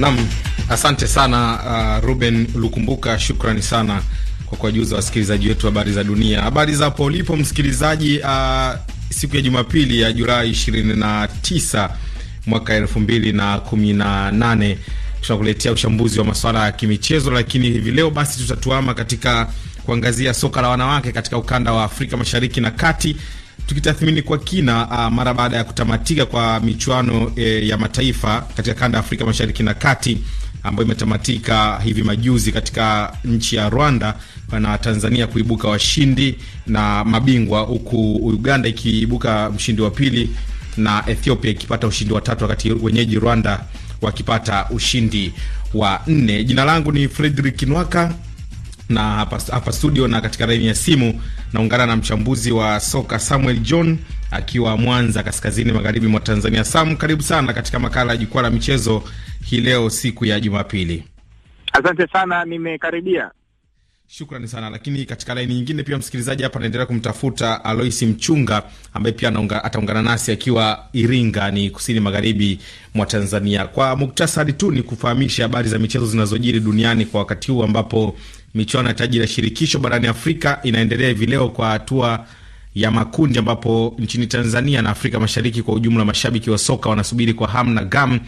Naam, asante sana uh, Ruben Lukumbuka, shukrani sana kwa kuwajuza wasikilizaji wetu habari za dunia. Habari za hapo ulipo msikilizaji, uh, siku ya Jumapili ya Julai 29 mwaka 2018 tunakuletea uchambuzi wa masuala ya kimichezo, lakini hivi leo basi tutatuama katika kuangazia soka la wanawake katika ukanda wa Afrika Mashariki na Kati tukitathmini kwa kina uh, mara baada ya kutamatika kwa michuano eh, ya mataifa katika kanda ya Afrika Mashariki na Kati ambayo imetamatika hivi majuzi katika nchi ya Rwanda na Tanzania kuibuka washindi na mabingwa, huku Uganda ikiibuka mshindi wa pili na Ethiopia ikipata ushindi wa tatu, wakati wenyeji Rwanda wakipata ushindi wa nne. Jina langu ni Fredrick Nwaka na hapa, hapa studio na katika laini ya simu naungana na mchambuzi wa soka Samuel John akiwa Mwanza kaskazini magharibi mwa Tanzania. Sam, karibu sana katika makala ya jukwaa la michezo hii leo siku ya Jumapili. Asante sana, nimekaribia. Shukrani sana. Lakini katika laini nyingine pia msikilizaji hapa anaendelea kumtafuta Alois Mchunga ambaye pia anaunga, ataungana nasi akiwa Iringa ni kusini magharibi mwa Tanzania. Kwa muktasari tu ni kufahamisha habari za michezo zinazojiri duniani kwa wakati huu ambapo Michuano ya taji la shirikisho barani Afrika inaendelea hivi leo kwa hatua ya makundi, ambapo nchini Tanzania na Afrika Mashariki kwa ujumla mashabiki wa soka wanasubiri kwa hamu na gamu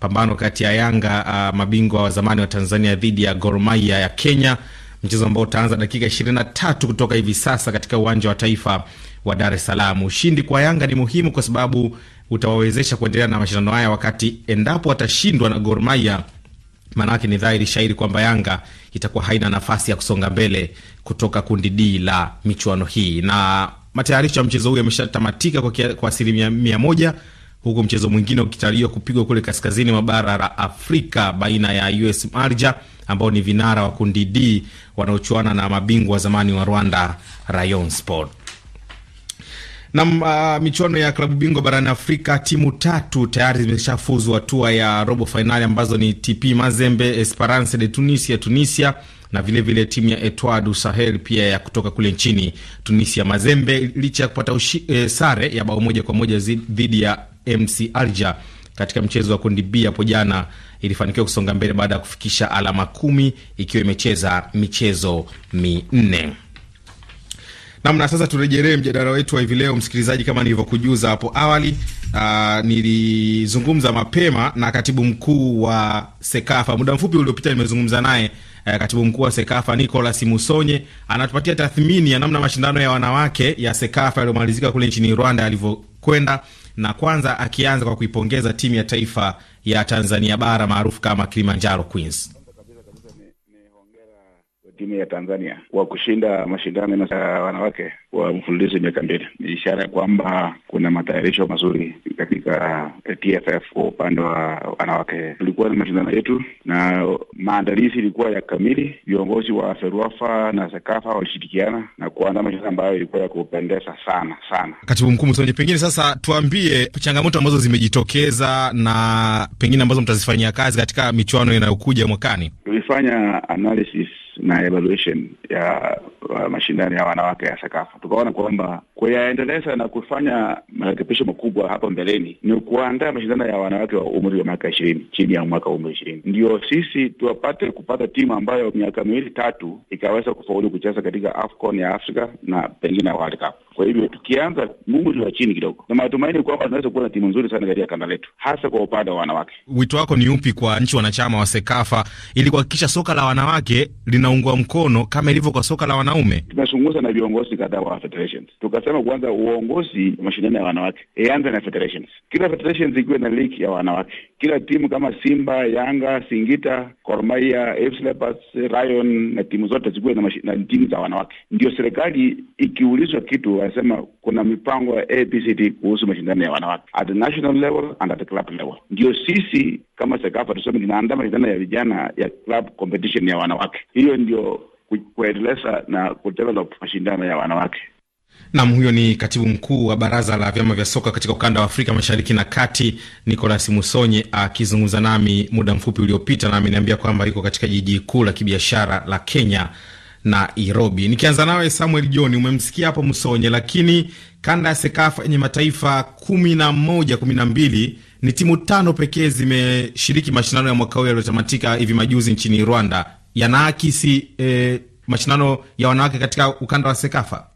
pambano kati ya Yanga uh, mabingwa wa zamani wa Tanzania dhidi ya Gor Mahia ya Kenya, mchezo ambao utaanza dakika 23 kutoka hivi sasa katika uwanja wa taifa wa Dar es Salaam. Ushindi kwa Yanga ni muhimu kwa sababu utawawezesha kuendelea na mashindano haya, wakati endapo watashindwa na Gor Mahia Maanake ni dhahiri shairi kwamba Yanga itakuwa haina nafasi ya kusonga mbele kutoka kundi D la michuano hii, na matayarisho ya mchezo huu yameshatamatika kwa, kwa asilimia mia moja huku mchezo mwingine ukitarajiwa kupigwa kule kaskazini mwa bara la Afrika baina ya US Marja ambao ni vinara wa kundi D wanaochuana na mabingwa wa zamani wa Rwanda Rayon Sport. Na uh, michuano ya klabu bingwa barani Afrika, timu tatu tayari zimeshafuzu hatua ya robo fainali ambazo ni TP Mazembe, Esperance de Tunisia Tunisia na vilevile timu ya Etoile du Sahel pia ya kutoka kule nchini Tunisia. Mazembe licha ya kupata ushi, e, sare ya bao moja kwa moja dhidi ya MC Alger katika mchezo wa kundi B hapo jana ilifanikiwa kusonga mbele baada ya kufikisha alama kumi ikiwa imecheza michezo minne. Namna sasa, turejelee mjadala wetu wa hivi leo, msikilizaji, kama nilivyokujuza hapo awali. Uh, nilizungumza mapema na katibu mkuu wa Sekafa muda mfupi uliopita, nimezungumza naye uh, katibu mkuu wa Sekafa Nicolas Musonye anatupatia tathmini ya namna mashindano ya wanawake ya Sekafa yaliyomalizika kule nchini Rwanda yalivyokwenda, na kwanza akianza kwa kuipongeza timu ya taifa ya Tanzania bara maarufu kama Kilimanjaro Queens timu ya Tanzania kwa kushinda mashindano ya wanawake wa mfululizo miaka mbili ni ishara ya kwamba kuna matayarisho mazuri katika TFF kwa upande wa wanawake. Tulikuwa na mashindano yetu na maandalizi ilikuwa ya kamili. Viongozi wa FERUAFA na SEKAFA walishirikiana na kuandaa mashindano ambayo ilikuwa ya kupendeza sana sana. Katibu Mkuu Msonje, pengine sasa tuambie changamoto ambazo zimejitokeza na pengine ambazo mtazifanyia kazi katika michuano inayokuja mwakani. Tulifanya analysis na evaluation ya uh, mashindano ya wanawake ya Sakafa, tukaona kwamba kuyaendeleza na kufanya marekebisho makubwa hapo mbeleni ni kuandaa mashindano ya wanawake wa umri wa miaka ishirini chini ya mwaka wa umri ishirini ndio sisi tuwapate kupata timu ambayo miaka miwili tatu ikaweza kufaulu kucheza katika AFCON ya Afrika na pengine World Cup. Kwa hivyo tukianza ngumu ni wa chini kidogo, na matumaini kwamba tunaweza kuwa na timu nzuri sana katika kanda letu, hasa kwa upande wa wanawake. Wito wako ni upi kwa nchi wanachama wa SEKAFA ili kuhakikisha soka la wanawake linaungwa mkono kama ilivyo kwa soka la wanaume? Tumezungumza na viongozi kadhaa wa federations, tukasema kwanza uongozi wa mashindano ya wanawake ianze na federations, kila federations ikiwe na ligi ya wanawake, kila timu kama Simba, Yanga, Singita, Gor Mahia, AFC Leopards, Lion na timu zote zikuwe na, na timu za wanawake, ndio serikali ikiulizwa kitu anasema kuna mipango ya ABCD kuhusu mashindano ya wanawake at the national level and at the club level. Ndio sisi kama SEKAFA tuseme tunaandaa mashindano ya vijana ya club competition ya wanawake, hiyo ndio kuendeleza na kudevelop mashindano ya wanawake. Nam, huyo ni katibu mkuu wa baraza la vyama vya soka katika ukanda wa Afrika Mashariki na Kati, Nicolas Musonye akizungumza nami muda mfupi uliopita, na ameniambia kwamba yuko katika jiji kuu la kibiashara la Kenya, Nairobi. Nikianza nawe Samuel John, umemsikia hapo Msonye, lakini kanda ya SEKAFA yenye mataifa kumi na moja kumi na mbili ni timu tano pekee zimeshiriki mashindano ya mwaka huu yaliyotamatika hivi majuzi nchini Rwanda. Yanaakisi eh, mashindano ya wanawake katika ukanda wa SEKAFA.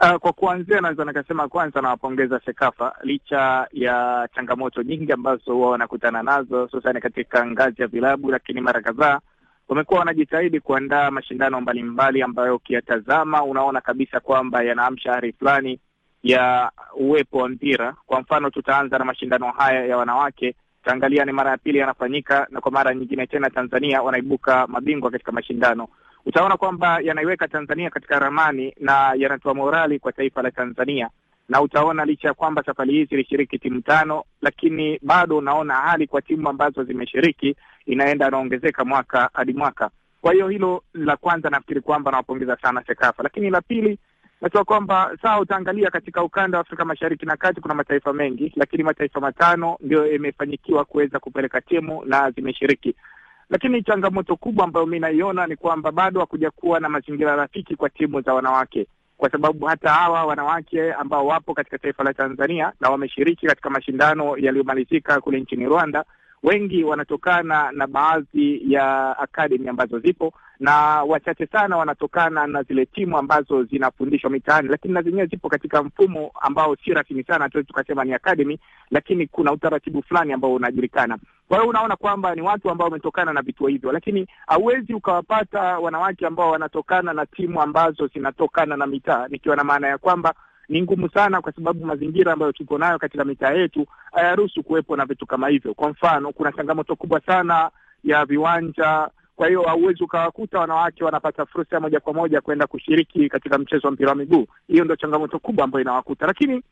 Uh, kwa kuanzia naweza nikasema kwanza nawapongeza SEKAFA licha ya changamoto nyingi ambazo huwa wanakutana nazo hususani katika ngazi ya vilabu, lakini mara kadhaa wamekuwa wanajitahidi kuandaa mashindano mbalimbali ambayo ukiyatazama unaona kabisa kwamba yanaamsha hari fulani ya uwepo wa mpira. Kwa mfano, tutaanza na mashindano haya ya wanawake, taangalia ni mara ya pili yanafanyika, na kwa mara nyingine tena Tanzania wanaibuka mabingwa katika mashindano. Utaona kwamba yanaiweka Tanzania katika ramani na yanatoa morali kwa taifa la Tanzania na utaona licha ya kwamba safari hii zilishiriki timu tano, lakini bado unaona hali kwa timu ambazo zimeshiriki inaenda anaongezeka mwaka hadi mwaka. Kwa hiyo hilo la kwanza nafikiri kwamba nawapongeza sana Sekafa, lakini la pili nasema kwamba sawa, utaangalia katika ukanda wa Afrika Mashariki na Kati kuna mataifa mengi, lakini mataifa matano ndio yamefanyikiwa kuweza kupeleka timu na zimeshiriki. Lakini changamoto kubwa ambayo mi naiona ni kwamba bado hakuja kuwa na mazingira rafiki kwa timu za wanawake kwa sababu hata hawa wanawake ambao wapo katika taifa la Tanzania na wameshiriki katika mashindano yaliyomalizika kule nchini Rwanda wengi wanatokana na baadhi ya akademi ambazo zipo na wachache sana wanatokana na zile timu ambazo zinafundishwa mitaani, lakini na zenyewe zipo katika mfumo ambao si rasmi sana, hatuwezi tukasema ni academy, lakini kuna utaratibu fulani ambao unajulikana. Kwa hiyo unaona kwamba ni watu ambao wametokana na vituo hivyo, lakini hauwezi ukawapata wanawake ambao wanatokana na timu ambazo zinatokana na mitaa, nikiwa na maana ya kwamba ni ngumu sana kwa sababu mazingira ambayo tuko nayo katika mitaa yetu hayaruhusu kuwepo na vitu kama hivyo. Kwa mfano, kuna changamoto kubwa sana ya viwanja kwa hiyo hauwezi ukawakuta wanawake wanapata fursa ya moja kwa moja kwenda kushiriki katika mchezo wa mpira wa miguu. Hiyo ndio changamoto kubwa ambayo inawakuta, lakini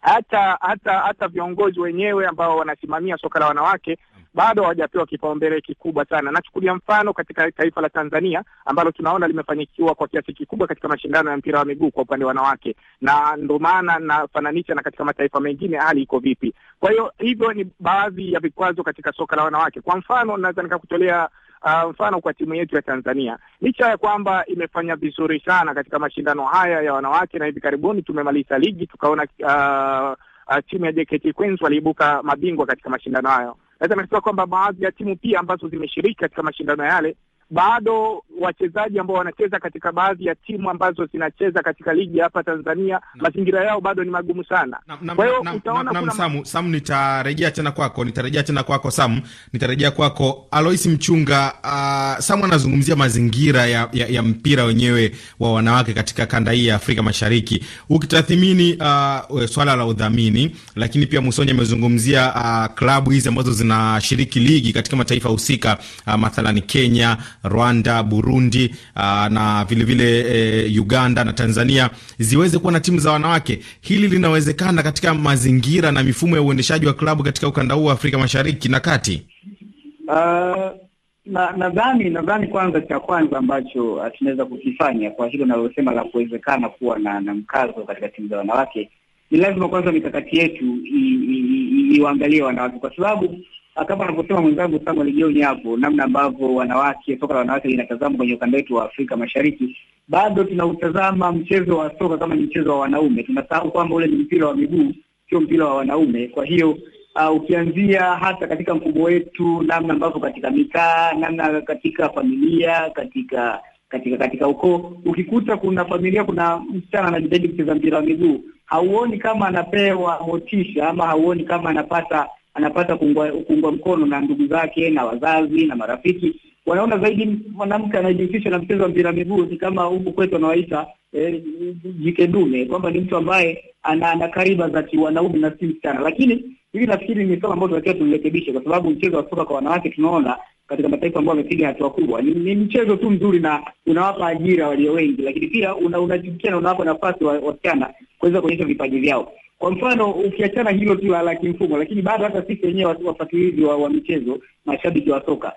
hata hata hata viongozi wenyewe ambao wanasimamia soka la wanawake bado hawajapewa kipaumbele kikubwa sana. Nachukulia mfano katika taifa la Tanzania ambalo tunaona limefanikiwa kwa kiasi kikubwa katika mashindano ya mpira wa miguu kwa upande wa wanawake, na ndio maana nafananisha na katika mataifa mengine hali iko vipi. Kwa hiyo hivyo ni baadhi ya vikwazo katika soka la wanawake. Kwa mfano, naweza nikakutolea Ah, mfano kwa timu yetu ya Tanzania, licha ya kwamba imefanya vizuri sana katika mashindano haya ya wanawake, na hivi karibuni tumemaliza ligi tukaona uh, Uh, timu ya JKT Queens waliibuka mabingwa katika mashindano hayo. Naweza nikasema kwamba baadhi ya timu pia ambazo zimeshiriki katika mashindano yale bado wachezaji ambao wanacheza katika baadhi ya timu ambazo zinacheza katika ligi hapa Tanzania na, mazingira yao bado ni magumu sana. Kwa hiyo utaona kuna Samu, Samu, nitarejea tena kwako, nitarejea tena kwako Samu, nitarejea kwako Alois Mchunga. Uh, Samu anazungumzia mazingira ya, ya, ya mpira wenyewe wa wanawake katika kanda hii ya Afrika Mashariki, ukitathimini uh, swala la udhamini, lakini pia musoni amezungumzia uh, klabu hizi ambazo zinashiriki ligi katika mataifa husika uh, mathalani Kenya Rwanda, Burundi aa, ah, na vilevile vile, e, Uganda na Tanzania ziweze kuwa na timu za wanawake. Hili linawezekana katika mazingira na mifumo ya uendeshaji wa klabu katika ukanda huu wa Afrika Mashariki na Kati. Uh, nadhani na nadhani kwanza, cha kwanza ambacho uh, tunaweza kukifanya kwa hilo nalosema la kuwezekana kuwa na, na mkazo katika timu za wanawake ni lazima kwanza mikakati yetu iwaangalie wanawake, kwa sababu Ah, kama anavyosema mwenzangu Samuel Jioni hapo, namna ambavyo wanawake soka la wanawake linatazama kwenye ukanda wetu wa Afrika Mashariki, bado tunautazama mchezo wa soka kama ni mchezo wa wanaume. Tunasahau kwamba ule ni mpira wa miguu, sio mpira wa wanaume. Kwa hiyo uh, ukianzia hata katika mfumo wetu, namna ambavyo katika mitaa, namna katika familia, katika katika katika ukoo, ukikuta kuna familia, kuna msichana anajitahidi kucheza mpira wa miguu, hauoni kama anapewa motisha ama hauoni kama anapata anapata kuungwa, mkono na ndugu zake na wazazi na marafiki. Wanaona zaidi mwanamke anayejihusisha na mchezo wa mpira miguu ni kama huku kwetu anawaita eh, jike dume, kwamba ni mtu ambaye ana, ana kariba za kiwanaume na si msichana. Lakini hili nafikiri ni swala ambayo tunatakiwa tulirekebishe, kwa sababu mchezo wa soka kwa wanawake tunaona katika mataifa ambayo wamepiga hatua kubwa. Ni, ni mchezo tu mzuri na unawapa ajira walio wengi, lakini pia unajukia una na unawapa nafasi wasichana kuweza kuonyesha vipaji vyao. Kwa mfano ukiachana hilo tu la kimfumo, lakini bado hata sisi wenyewe wafuatilizi wa, wa michezo, mashabiki wa soka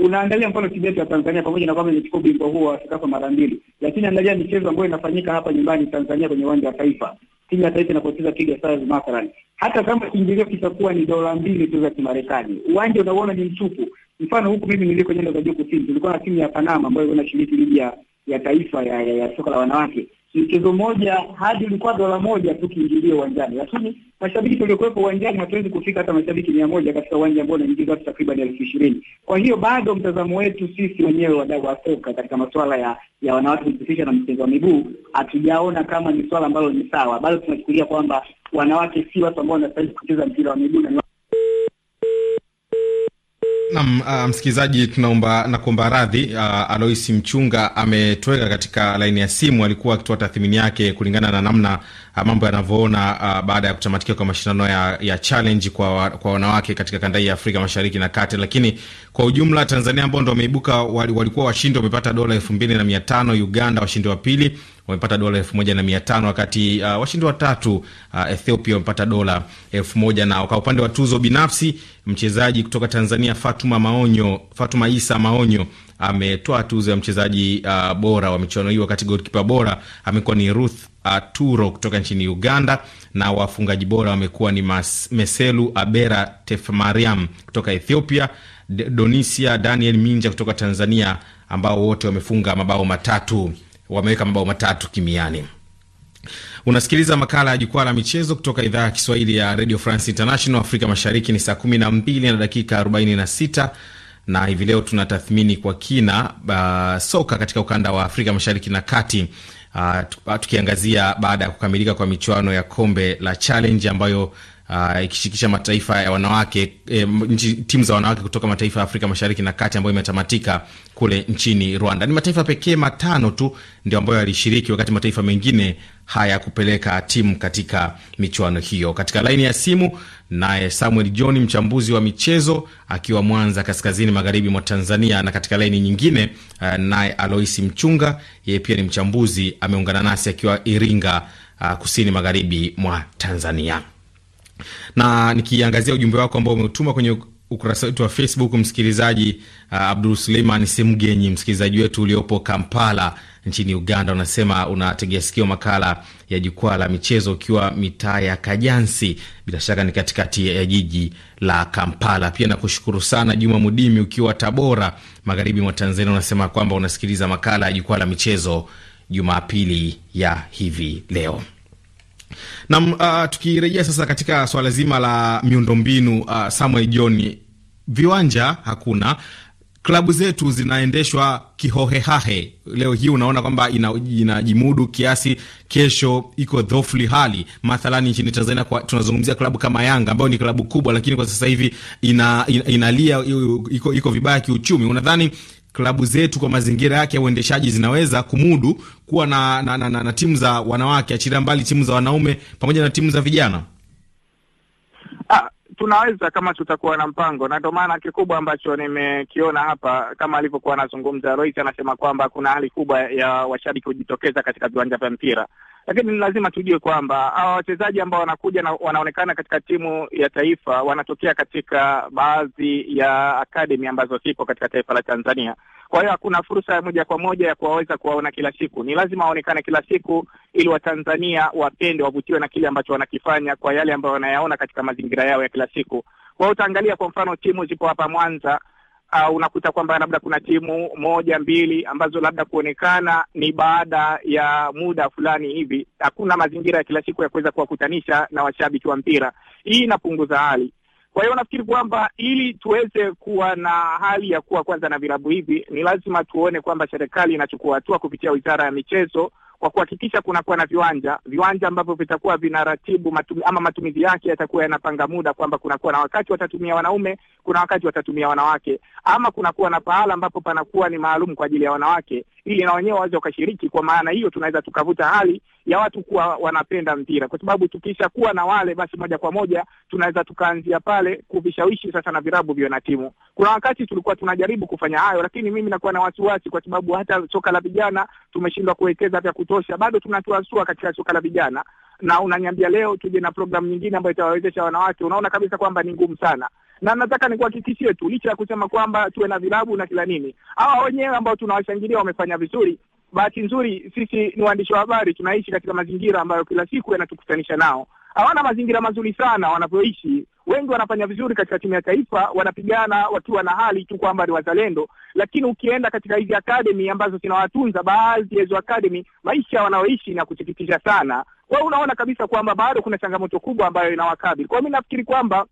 unaangalia mfano timu yetu ya Tanzania pamoja na kwamba imechukua ubingwa huo wa Afrika mara mbili, lakini angalia michezo ambayo inafanyika hapa nyumbani Tanzania kwenye uwanja wa Taifa. Timu ya taifa inapocheza Twiga Stars mathalan, hata kama kiingilio kitakuwa ni dola mbili tu za Kimarekani, uwanja unauona ni mtupu, Mfano huku mimi niliko nyanda za juu kusini, tulikuwa na timu ya Panama ambayo ilikuwa inashiriki ligi ya, ya taifa ya, ya, ya soka la wanawake. Mchezo mmoja hadi ulikuwa dola moja tu kiingilio uwanjani, lakini mashabiki tuliokuwepo uwanjani hatuwezi kufika hata mashabiki mia moja katika uwanja ambao unaingiza watu takriban elfu ishirini. Kwa hiyo bado mtazamo wetu sisi wenyewe wadau wa soka katika masuala ya ya wanawake kujihusisha na mchezo wa miguu hatujaona kama ni swala ambalo ni sawa. Bado tunachukulia kwamba wanawake si watu ambao wanastahili kucheza mpira wa miguu na uh, msikilizaji, tunaomba na kuomba radhi. Aloisi Mchunga ametoweka katika laini ya simu, alikuwa akitoa tathmini yake kulingana na namna Ah, mambo yanavyoona uh, baada ya kutamatikia kwa mashindano ya, ya challenge kwa, kwa wanawake katika kanda ya Afrika Mashariki na Kati, lakini kwa ujumla Tanzania ambao ndo wameibuka walikuwa washindi wamepata dola elfu mbili na mia tano Uganda washindi wa pili wamepata dola elfu moja na mia tano wakati uh, washindi watatu uh, Ethiopia wamepata dola elfu moja na kwa upande wa tuzo binafsi mchezaji kutoka Tanzania Fatuma Maonyo, Fatuma Isa Maonyo ametoa tuzo ya mchezaji uh, bora wa michuano hii, wakati golkipa bora amekuwa ni Ruth Aturo uh, kutoka nchini Uganda, na wafungaji bora wamekuwa ni Mas, Meselu Abera Tefmariam kutoka Ethiopia, Donisia Daniel Minja kutoka Tanzania, ambao wote wamefunga mabao matatu, wameweka mabao matatu kimiani. Unasikiliza makala ya jukwaa la michezo kutoka idhaa ya Kiswahili ya Radio France International. Afrika Mashariki ni saa 12 na dakika 46 na hivi leo tunatathmini kwa kina uh, soka katika ukanda wa Afrika Mashariki na Kati uh, tukiangazia baada ya kukamilika kwa michuano ya kombe la Challenge ambayo uh, ikishirikisha mataifa ya wanawake eh, timu za wanawake kutoka mataifa ya Afrika Mashariki na Kati ambayo imetamatika kule nchini Rwanda. Ni mataifa pekee matano tu ndio ambayo yalishiriki, wakati mataifa mengine haya kupeleka timu katika michuano hiyo. Katika laini ya simu naye Samuel John, mchambuzi wa michezo akiwa Mwanza, kaskazini magharibi mwa Tanzania, na katika laini nyingine uh, naye Aloisi Mchunga, yeye pia ni mchambuzi, ameungana nasi akiwa Iringa, uh, kusini magharibi mwa Tanzania na nikiangazia ujumbe wako ambao umetuma kwenye ukurasa wetu wa Facebook, msikilizaji uh, Abdul Suleiman Semgenyi, msikilizaji wetu uliopo Kampala nchini Uganda, unasema unategea sikio makala ya jukwaa la michezo ukiwa mitaa ya Kajansi, bila shaka ni katikati ya jiji la Kampala. Pia nakushukuru sana Juma Mudimi ukiwa Tabora, magharibi mwa Tanzania, unasema kwamba unasikiliza makala ya jukwaa la michezo Jumapili ya hivi leo. Nam uh, tukirejea sasa katika swala zima la miundombinu uh, Samuel John, viwanja hakuna klabu zetu zinaendeshwa kihohehahe. Leo hii unaona kwamba inajimudu ina kiasi, kesho iko dhofli hali. Mathalani nchini Tanzania kwa, tunazungumzia klabu kama Yanga ambayo ni klabu kubwa, lakini kwa sasa hivi ina, ina, inalia iko, iko vibaya kiuchumi. Unadhani klabu zetu kwa mazingira yake ya uendeshaji zinaweza kumudu kuwa na, na, na, na, na timu za wanawake, achilia mbali timu za wanaume pamoja na timu za vijana? Ah, tunaweza kama tutakuwa na mpango, na ndio maana kikubwa ambacho nimekiona hapa, kama alivyokuwa anazungumza Rois, anasema kwamba kuna hali kubwa ya washabiki kujitokeza katika viwanja vya mpira lakini lazima tujue kwamba hawa wachezaji ambao wanakuja na wanaonekana katika timu ya taifa wanatokea katika baadhi ya akademi ambazo ziko katika taifa la Tanzania. Kwa hiyo hakuna fursa ya moja kwa moja ya kuwaweza kuwaona kila siku, ni lazima waonekane kila siku ili Watanzania wapende, wavutiwe na kile ambacho wanakifanya kwa yale ambayo wanayaona katika mazingira yao ya kila siku. Kwa hiyo utaangalia kwa mfano timu zipo hapa Mwanza uh, unakuta kwamba labda kuna timu moja mbili ambazo labda kuonekana ni baada ya muda fulani hivi. Hakuna mazingira ya kila siku ya kuweza kuwakutanisha na washabiki wa mpira, hii inapunguza hali. Kwa hiyo nafikiri kwamba ili tuweze kuwa na hali ya kuwa kwanza na vilabu hivi, ni lazima tuone kwamba serikali inachukua hatua kupitia wizara ya michezo kwa kuhakikisha kunakuwa na viwanja viwanja ambavyo vitakuwa vinaratibu matumi, ama matumizi yake yatakuwa yanapanga muda kwamba kunakuwa na wakati watatumia wanaume, kuna wakati watatumia wanawake, ama kunakuwa na pahala ambapo panakuwa ni maalum kwa ajili ya wanawake, ili na wenyewe waweze wakashiriki. Kwa maana hiyo, tunaweza tukavuta hali ya watu kuwa wanapenda mpira, kwa sababu tukisha kuwa na wale, basi moja kwa moja tunaweza tukaanzia pale kuvishawishi sasa na virabu viwe na timu. Kuna wakati tulikuwa tunajaribu kufanya hayo, lakini mimi nakuwa na wasiwasi, kwa sababu hata soka la vijana tumeshindwa kuwekeza vya kutosha, bado tunatuasua katika soka la vijana, na unaniambia leo tuje na programu nyingine ambayo itawawezesha wanawake, unaona kabisa kwamba ni ngumu sana na nataka nikuhakikishie tu, licha ya kusema kwamba tuwe na vilabu na kila nini, hawa wenyewe ambao tunawashangilia wamefanya vizuri. Bahati nzuri sisi ni waandishi wa habari, tunaishi katika mazingira ambayo kila siku yanatukutanisha nao. Hawana mazingira mazuri sana wanavyoishi. Wengi wanafanya vizuri katika timu ya taifa, wanapigana wakiwa na hali tu kwamba ni wazalendo, lakini ukienda katika hizi akademi ambazo zinawatunza baadhi ya hizo akademi, maisha wanaoishi na kuchikitisha sana. kwao unaona kabisa kwamba bado kuna changamoto kubwa ambayo inawakabili. kwao mi nafikiri kwamba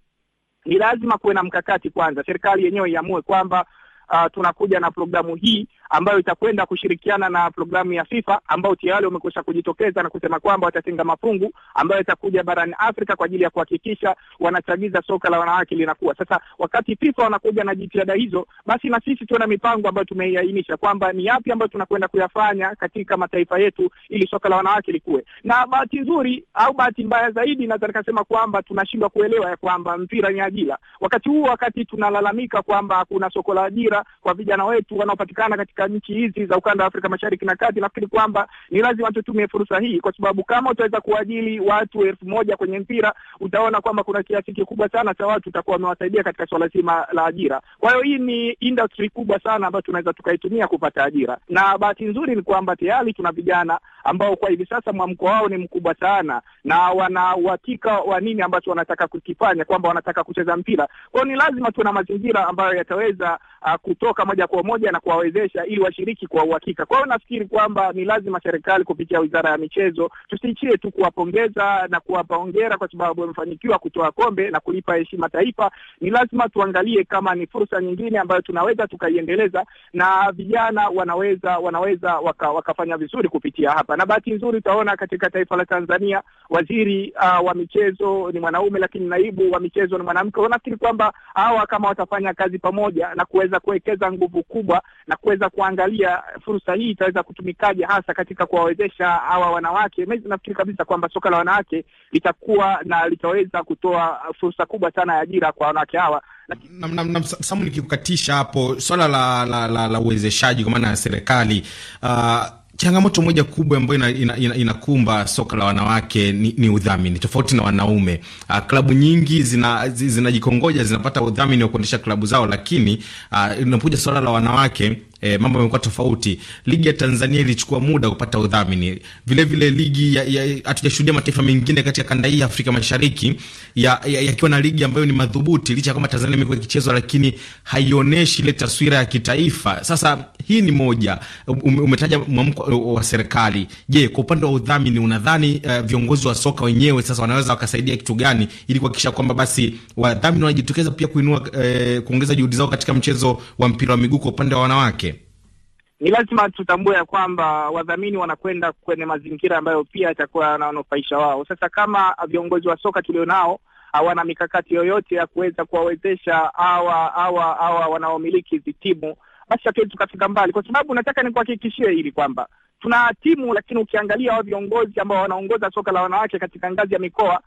ni lazima kuwe na mkakati kwanza, serikali yenyewe iamue kwamba uh, tunakuja na programu hii ambayo itakwenda kushirikiana na programu ya FIFA ambao tayari wamekwisha kujitokeza na kusema kwamba watatenga mafungu ambayo itakuja barani Afrika kwa ajili ya kuhakikisha wanachagiza soka la wanawake linakuwa. Sasa wakati FIFA wanakuja na jitihada hizo, basi na sisi tuwe na mipango ambayo tumeiainisha kwamba ni yapi ambayo tunakwenda kuyafanya katika mataifa yetu ili soka la wanawake likuwe. Na bahati nzuri au bahati mbaya zaidi, naweza nikasema kwamba tunashindwa kuelewa ya kwamba mpira ni ajira. Wakati huu, wakati tunalalamika kwamba kuna soko la ajira kwa vijana wetu wanaopatikana katika katika nchi hizi za ukanda wa Afrika Mashariki na Kati, nafikiri kwamba ni lazima tutumie fursa hii, kwa sababu kama utaweza kuajili watu elfu moja kwenye mpira, utaona kwamba kuna kiasi kikubwa sana cha watu utakuwa wamewasaidia katika swala zima la ajira. Kwa hiyo hii ni industry kubwa sana ambayo tunaweza tukaitumia kupata ajira, na bahati nzuri ni kwamba tayari tuna vijana ambao kwa hivi sasa mwamko wao ni mkubwa sana na wana uhakika wa nini ambacho wanataka kukifanya, kwamba wanataka kucheza mpira. Kwa hiyo ni lazima tuwe na mazingira ambayo yataweza uh, kutoka moja kwa moja na kuwawezesha ili washiriki kwa uhakika. Kwa hiyo nafikiri kwamba ni lazima serikali kupitia wizara ya michezo tusiichie tu kuwapongeza na kuwapa hongera kwa sababu wamefanikiwa kutoa kombe na kulipa heshima taifa. Ni lazima tuangalie kama ni fursa nyingine ambayo tunaweza tukaiendeleza, na vijana wanaweza wanaweza waka, wakafanya vizuri kupitia hapa, na bahati nzuri utaona katika taifa la Tanzania waziri uh, wa michezo ni mwanaume, lakini naibu wa michezo ni mwanamke. Nafikiri kwamba hawa kama watafanya kazi pamoja na kuweza kuwekeza nguvu kubwa na kuweza kuangalia fursa hii itaweza kutumikaje hasa katika kuwawezesha hawa wanawake. Mimi nafikiri kabisa kwamba soka la wanawake litakuwa na litaweza kutoa fursa kubwa sana ya ajira kwa wanawake hawa. Na, Samu, nikikukatisha hapo, swala la, la, la, la uwezeshaji kwa maana ya serikali uh, changamoto moja kubwa ambayo inakumba ina, ina, ina soka la wanawake ni, ni udhamini. Tofauti na wanaume, uh, klabu nyingi zinajikongoja zina zinapata udhamini wa kuendesha klabu zao, lakini uh, inapokuja swala la wanawake eh, mambo yamekuwa tofauti. Ligi ya Tanzania ilichukua muda kupata udhamini, vilevile ligi hatujashuhudia mataifa mengine katika kanda hii ya Afrika Mashariki yakiwa ya, ya na ligi ambayo ni madhubuti, licha ya kwamba Tanzania imekuwa ikichezwa, lakini haionyeshi ile taswira ya kitaifa. Sasa hii ni moja. Um, um, umetaja mwamko uh, wa serikali. Je, kwa upande wa udhamini unadhani uh, viongozi wa soka wenyewe sasa wanaweza wakasaidia kitu gani ili kuhakikisha kwamba basi wadhamini wanajitokeza pia kuinua eh, kuongeza juhudi zao katika mchezo wa mpira wa miguu kwa upande wa wanawake? ni lazima tutambue ya kwamba wadhamini wanakwenda kwenye mazingira ambayo pia yatakuwa yanaonufaisha wao. Sasa kama viongozi wa soka tulionao hawana mikakati yoyote ya kuweza kuwawezesha hawa hawa hawa wanaomiliki hizi timu, basi hatuwezi tukafika mbali, kwa sababu nataka nikuhakikishie hili kwamba tuna timu, lakini ukiangalia hawa viongozi ambao wanaongoza soka la wanawake katika ngazi ya mikoa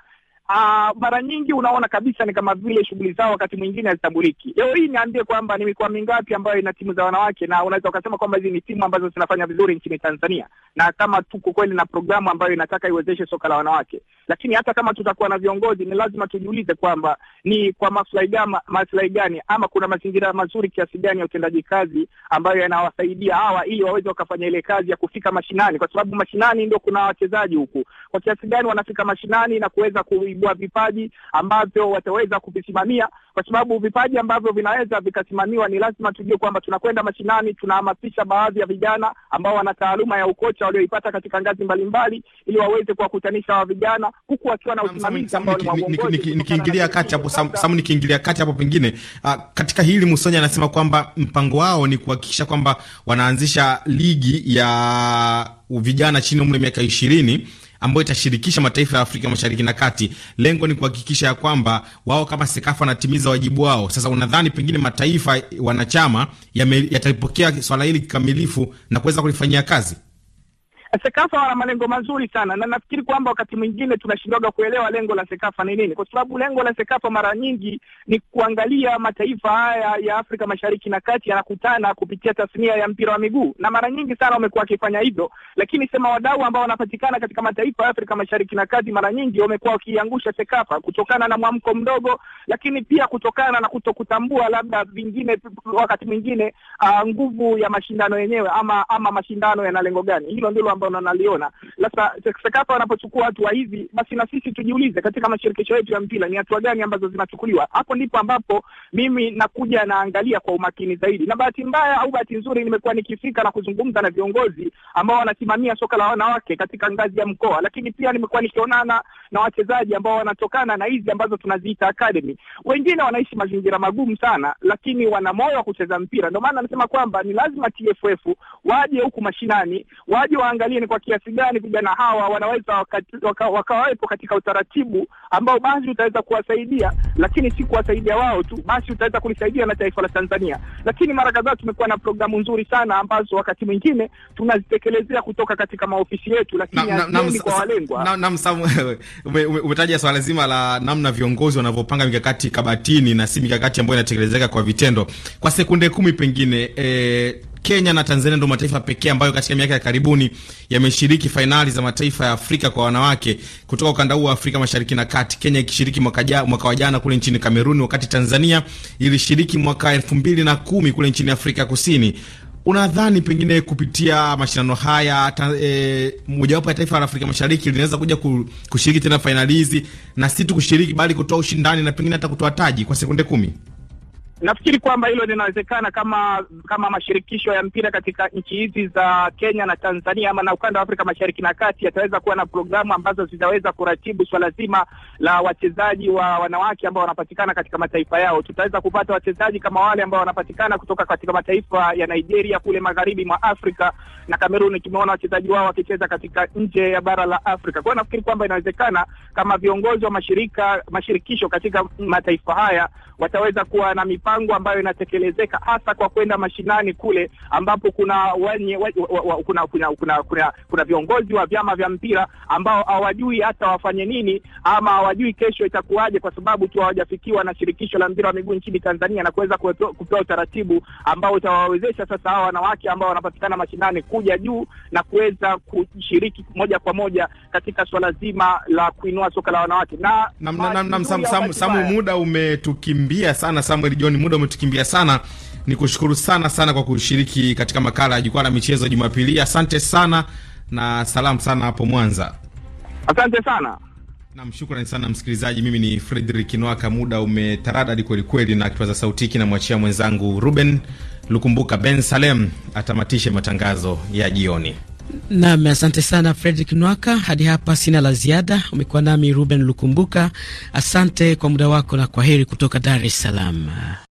Ah, mara nyingi unaona kabisa ni kama vile shughuli zao wakati mwingine hazitambuliki. Leo hii niambie kwamba ni mikoa mingapi ambayo ina timu za wanawake, na unaweza ukasema kwamba hizi ni timu ambazo zinafanya vizuri nchini Tanzania, na kama tuko kweli na programu ambayo inataka iwezeshe soka la wanawake lakini hata kama tutakuwa na viongozi, ni lazima tujiulize kwamba ni kwa maslahi gani, maslahi gani ama kuna mazingira mazuri kiasi gani ya utendaji kazi ambayo yanawasaidia hawa ili waweze wakafanya ile kazi ya kufika mashinani, kwa sababu mashinani ndio kuna wachezaji huku. Kwa kiasi gani wanafika mashinani na kuweza kuibua vipaji ambavyo wataweza kuvisimamia kwa sababu vipaji ambavyo vinaweza vikasimamiwa, ni lazima tujue kwamba tunakwenda mashinani, tunahamasisha baadhi ya vijana ambao wana taaluma ya ukocha walioipata katika ngazi mbalimbali, ili waweze kuwakutanisha wa vijana, huku wakiwa na usimamizi ambao ni wa Nikiingilia kati hapo Samu, nikiingilia kati hapo pengine ah, katika hili Musonya anasema kwamba mpango wao ni kuhakikisha kwamba wanaanzisha ligi ya vijana chini ya umri miaka ishirini ambayo itashirikisha mataifa ya Afrika Mashariki na Kati. Lengo ni kuhakikisha ya kwamba wao kama SEKAFA wanatimiza wajibu wao. Sasa unadhani pengine mataifa wanachama yatapokea swala hili kikamilifu na kuweza kulifanyia kazi? SEKAFA wana malengo mazuri sana, na nafikiri kwamba wakati mwingine tunashindwaga kuelewa lengo la SEKAFA ni nini, kwa sababu lengo la SEKAFA mara nyingi ni kuangalia mataifa haya ya Afrika Mashariki na Kati yanakutana kupitia tasnia ya mpira wa miguu, na mara nyingi sana wamekuwa wakifanya hivyo, lakini sema wadau ambao wanapatikana katika mataifa ya Afrika Mashariki na Kati mara nyingi wamekuwa wakiangusha SEKAFA kutokana na mwamko mdogo, lakini pia kutokana na kutokutambua labda vingine, wakati mwingine uh, nguvu ya mashindano yenyewe ama ama mashindano yana lengo gani. Hilo ndilo ambalo naliona sasa. Sekapa wanapochukua hatua hizi, basi na sisi tujiulize katika mashirikisho yetu ya mpira ni hatua gani ambazo zinachukuliwa. Hapo ndipo ambapo mimi nakuja naangalia kwa umakini zaidi, na bahati mbaya au bahati nzuri, nimekuwa nikifika na kuzungumza na viongozi ambao wanasimamia soka la wanawake katika ngazi ya mkoa, lakini pia nimekuwa nikionana na wachezaji ambao wanatokana na hizi ambazo tunaziita academy. Wengine wanaishi mazingira magumu sana, lakini wana moyo wa kucheza mpira. Ndio maana nasema kwamba ni lazima TFF waje huku mashinani, waje waangalie tuangalie ni kwa kiasi gani vijana hawa wanaweza wakawepo waka, katika utaratibu ambao basi utaweza kuwasaidia, lakini si kuwasaidia wao tu, basi utaweza kulisaidia na taifa la Tanzania. Lakini mara kadhaa tumekuwa na programu nzuri sana ambazo wakati mwingine tunazitekelezea kutoka katika maofisi yetu, lakini na, na, kwa walengwa na, na, umetaja swala zima la namna viongozi wanavyopanga mikakati kabatini na si mikakati ambayo inatekelezeka kwa vitendo. Kwa sekunde kumi pengine eh, Kenya na Tanzania ndio mataifa pekee ambayo katika miaka ya karibuni yameshiriki fainali za mataifa ya Afrika kwa wanawake kutoka ukanda huu wa Afrika Mashariki na Kati, Kenya ikishiriki mwaka, wa jana kule nchini Kameruni, wakati Tanzania ilishiriki mwaka elfu mbili na kumi kule nchini Afrika Kusini. Unadhani pengine kupitia mashindano haya e, mojawapo ya taifa la Afrika Mashariki linaweza kuja kushiriki tena fainali hizi, na si tu kushiriki, bali kutoa ushindani na pengine hata kutoa taji kwa sekunde kumi? Nafikiri kwamba hilo linawezekana kama kama mashirikisho ya mpira katika nchi hizi za Kenya na Tanzania ama na ukanda wa Afrika Mashariki na Kati yataweza kuwa na programu ambazo zitaweza kuratibu swala zima la wachezaji wa wanawake ambao wanapatikana katika mataifa yao. Tutaweza kupata wachezaji kama wale ambao wanapatikana kutoka katika mataifa ya Nigeria kule magharibi mwa Afrika na Kamerun. Tumeona wachezaji wao wakicheza katika nje ya bara la Afrika. Kwa hiyo nafikiri kwamba inawezekana kama viongozi wa mashirika mashirikisho katika mataifa haya wataweza kuwa na mipa mipango ambayo inatekelezeka hasa kwa kwenda mashinani kule ambapo kuna wenye, wenye, wa, wa, kuna, kuna, kuna, kuna, kuna viongozi wa vyama vya mpira ambao hawajui hata wafanye nini ama hawajui kesho itakuwaje, kwa sababu tu hawajafikiwa na shirikisho la mpira wa miguu nchini Tanzania na kuweza kupewa utaratibu ambao utawawezesha sasa hawa wanawake ambao wanapatikana mashinani kuja juu na kuweza kushiriki moja kwa moja katika swala zima la kuinua soka la wanawake na, na, na, na, na, na, Samu, Samu, muda umetukimbia sana Samuel John muda umetukimbia sana. Ni kushukuru sana sana kwa kushiriki katika makala ya jukwaa la michezo Jumapili. Asante sana na salamu sana hapo Mwanza. Asante sana. Nam, shukrani sana msikilizaji. Mimi ni Fredrik Nwaka. Muda umetaradadi kwelikweli, na kipaza sauti kinamwachia mwenzangu Ruben Lukumbuka Ben Salem atamatishe matangazo ya jioni. Nam, asante sana Fredrik Nwaka. Hadi hapa sina la ziada. Umekuwa nami Ruben Lukumbuka, asante kwa muda wako na kwa heri kutoka Dar es Salaam.